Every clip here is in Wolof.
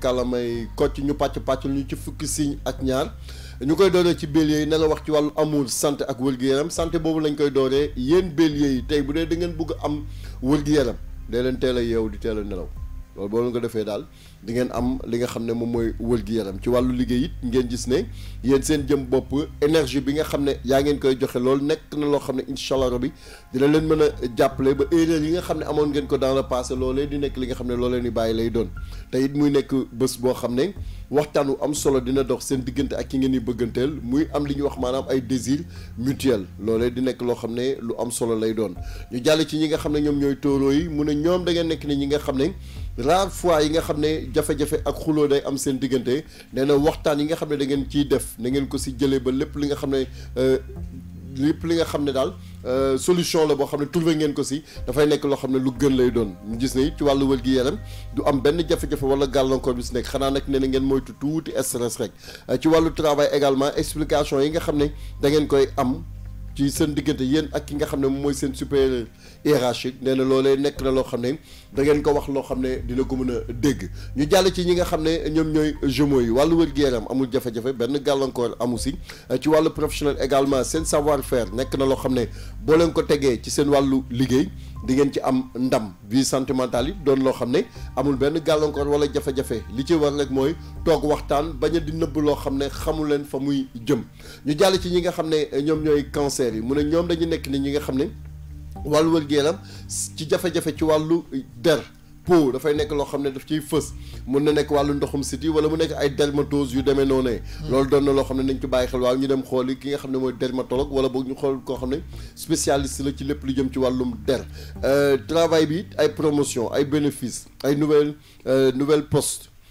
kalamay kocc ñu pàcc pàcc ñu ci fukki signe ak ñaar ñu koy dooree ci bélier yi na la wax ci wàllu amul sant ak wér-gu-yaram santé boobu lañ koy dooree yéen bélier yi tey bu dee da ngeen bëgg am wér-gu-yaram dee leen teel a yeewu di teel nelaw loolu boo leen ko defee daal di ngeen am li nga xam ne moom mooy wër gi yaram ci wàllu liggéey it ngeen gis ne yéen seen jëm bopp énergie bi nga xam ne yaa ngeen koy joxe loolu nekk na loo xam ne incha allah rabbi dina leen mën a jàppale ba erreur yi nga xam ne amoon ngeen ko dans le passé loolee di nekk li nga xam ne loolee ni lay doon te it nekk bés boo xam ne waxtaan wu am solo dina dox seen diggante ak ki ngeen di bëgganteel muy am li ñu wax maanaam ay désir mutuel loolee di nekk loo xam ne lu am solo lay doon ñu jàll ci ñi nga xam ne ñoom ñooy tóoroo yi mu ne ñoom dangeen nekk nii ñi nga xam ne rares fois yi nga xam ne jafe-jafe ak xuloo day am seen diggante nee na waxtaan yi nga xam ne da ngeen ciy def na ngeen ko si jëlee ba lépp li nga xam ne euh, lépp li nga xam ne daal euh, solution la boo xam ne trouvé ngeen ko si dafay nekk loo xam ne lu gën lay doon gis ne it ci wàllu wér gi yaram du am benn jafe-jafe wala gàllankoor bi si nekk xanaa nag nee na ngeen moytu tuuti stress rek euh, ci wàllu travail également explication yi nga xam ne da ngeen koy am ci seen diggante yéen ak ki nga xam ne mooy seen supérieur hiérarchique nee na loolee nekk na loo xam ne dangeen ko wax loo xam ne dina ko mën a dégg ñu jàll ci ñi nga xam ne ñoom ñooy jumeaux yi wàllu wér-gu-yaram amul jafe-jafe benn gàllankoor amu si ci wàllu professionnel également seen savoir fair nekk na loo xam ne boo leen ko tegee ci seen wàllu liggéey di ngeen ci am ndam vie sentimentale yi doon loo xam ne amul benn gàllankoor wala jafe-jafe li ci war rek mooy toog waxtaan bañ a di nëbb loo xam ne xamul leen fa muy jëm ñu jàll ci ñi nga xam ne ñoom ñooy cancer yi mu ne ñoom dañu nekk ni ñi nga xam ne wàllu wër gu ci jafe-jafe ci wàllu der peau dafay nekk loo xam ne daf ciy fës mun na nekk wàllu ndoxum siti wala mu nekk ay dermatose yu demee noonee hmm. loolu doon na loo xam ne nañ ci bàyyi xel waaw ñu dem xool ki nga xam ne mooy dermatologue wala boog ñu xool koo xam ne spécialiste la ci lépp lu jëm ci wàllum der euh, travail bi ay promotion ay bénéfice ay nouvelle euh, nouvelle poste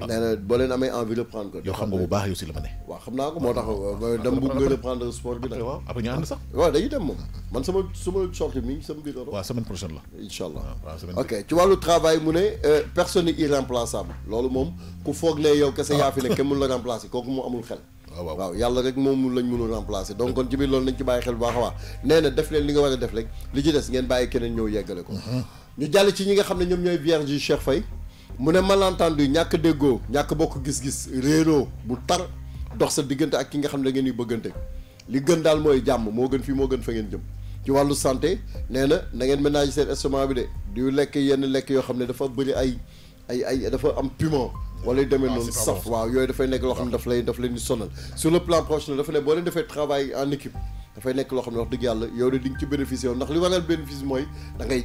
Ah. nee na boo leen amee envie de prendre ko. yoo xam nga bu baax yow si la ma ne. waaw xam naa ko moo tax euh, dem bu nga reprendre sport bi nag. Eh, waaw après ñu ànd sax. waaw dañuy dem moom man sama sama sortie mi sama biir waaw semaine prochaine ci wàllu travail mu ne euh, personne irremplaçable loolu moom ku foog ne yow kese yaa fi ne ah. kenn mun la remplacer kooku mu amul xel. Ah, waaw waaw yàlla rek moom lañ mënul remplacer donc kon ci biir loolu nañ ci bàyyi xel baax a baax nee na def leen li nga war a def rek li ci des ngeen bàyyi keneen ñëw yeggale ko. Mhm. ñu jàll nga xam ne ñoom ñooy vierge yi mu ne malentendu ñàkk déggoo ñàkk bokk gis-gis réeroo bu tar dox sa diggante ak ki nga xam ne da ngeen di bëggante li gën daal mooy jàmm moo gën fii moo gën fa ngeen jëm ci wàllu santé nee na na ngeen ménager seen estomac bi de du lekk yenn lekk yoo xam ne dafa bëri ay ay ay dafa am piment wala yu demee ah, noonu saf waaw yooyu dafay nekk loo xam ne daf lay daf leen di sonal su le plan professionnel dafa ne boo leen defee travail en équipe dafay nekk loo xam ne wax dëgg yàlla yow de ci bénéficier woon ndax li waral bénéfice mooy da ngay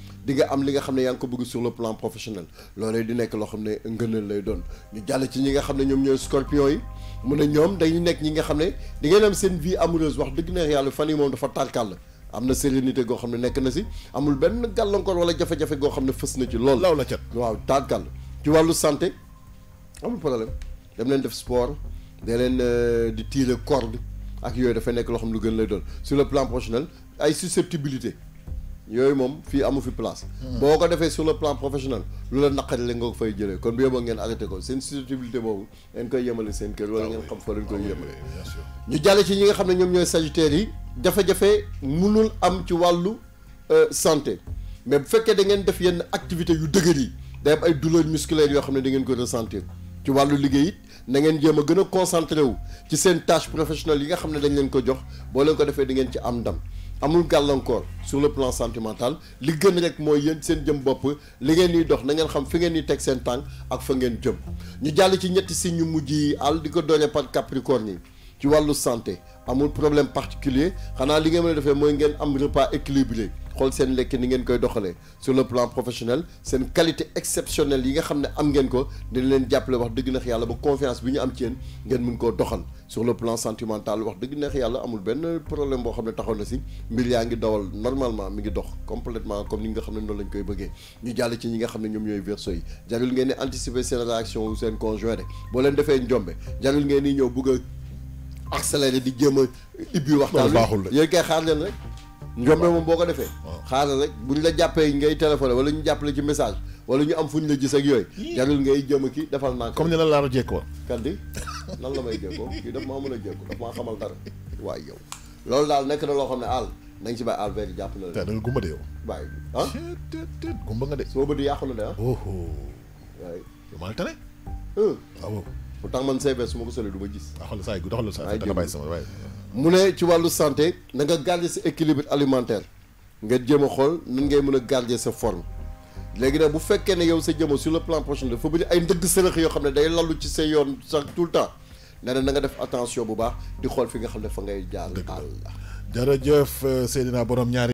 di nga am li nga xam ne yaa ngi ko bëgg sur le plan professionnel loolee di nekk loo xam ne ngënal lay doon ñu jàll ci ñi nga xam ne ñoom ñooy scorpion yi mu ne ñoom dañuy nekk ñi nga xam ne di ngeen am seen vie amoureuse wax dëgg neex yàlla fan yi moom dafa tarkal am na sérénité goo xam ne nekk na si amul benn gàllankoor wala jafe-jafe goo xam ne fës na ci lool law la ca waaw tarkal ci wàllu santé amul problème dem leen def sport da leen euh, di tirer corde ak yooyu dafay nekk loo xam lu gën lay doon sur le plan professionnel ay susceptibilité yooyu moom fii amu fi place. Hmm. boo ko defee sur le plan professionnel lu la naqari la nga ko fay jëlee kon bu yeboo ngeen arrêté ko seen susceptibilité boobu ngeen koy yemale seen kër wala ngeen xam ah ñu jàll ci ñi nga xam ne ñoom ñooy sagittaires yi jafe-jafe munul am ci wàllu euh, santé mais bu fekkee da ngeen def yenn activité yu dëgër yi day am ay douleurs musculaires yoo xam ne dangeen ngeen ko ressentir ci wàllu liggéey it na ngeen jéem a gën a concentré wu ci seen tâche professionnelle yi nga xam ne dañ leen ko jox boo leen ko defee da ngeen ci am ndam amul gàllankoor su le plan santimental li gën rek mooy yéen seen jëm bopp li ngeen di dox na ngeen xam fi ngeen di teg seen tànk ak fa ngeen jëm ñu jàll ci ñett si ñu mujj yi àll di ko doore par Capricorne yi ci walu santé amul problème particulier xana li ngeen mën a defee ngeen am repas équilibré xol sen lek ni ngeen koy doxale sur le plan professionnel sen qualité exceptionnelle yi nga xamné am ngeen ko dina leen jàppale wax dëgg neex yalla ba confiance bi ñu am ci yéen ngeen mun ko doxal sur le plan sentimental wax dëgg neex yalla amul ben problème bo xamné taxaw na si mbir yaa ngi dawal normalement mi ngi dox complètement comme ni nga xamné ne lañ koy bëggé ñu jall ci ñi nga xamné ñom ñoy ñooy yi jarul ngeen ni anticiper seen réaction ou sen conjoint bo boo leen defee njombe jarul ngeen ni ñëw bëgg accéléré di jéem a ibbi waxtaan bi baaxul la yéen kay xaar leen rek njombe moom boo ko defee xaaral rek bu ñu la jàppee ngay téléphoné wala ñu jàppale ci message wala ñu am fu ñu la gis ak yooyu jarul ngay jëm ki defal naa comme ni la laara jekkoo kan di nan la may jekkoo kii daf maa mën a jekku daf xamal dara waaye yow loolu daal nekk na loo xam ne àll nañ ci bàyyi àll vert jàpp na la da nga gumba de yow waaye ah gumba nga de soo bëdi yàqu na de ah waaye maa pourtant man CV su ko solee du gis. waaw xoolal saa yi sa saa da nga bàyyi sama way mu ci walu santé na nga garder sa équilibre alimentaire nga jéem xol xool nan ngay mën garder sa forme légui nag bu fekké né yow sa jëmm sur le plan prochain dafa bëri ay ndëgg sërëx yo xamné day lalu ci sa yoon sax tout le temps nee na na nga def attention bu baax di xol fi nga xamné fa ngay jaar. dëgg la jërëjëf euh, Seydina borom ñaari.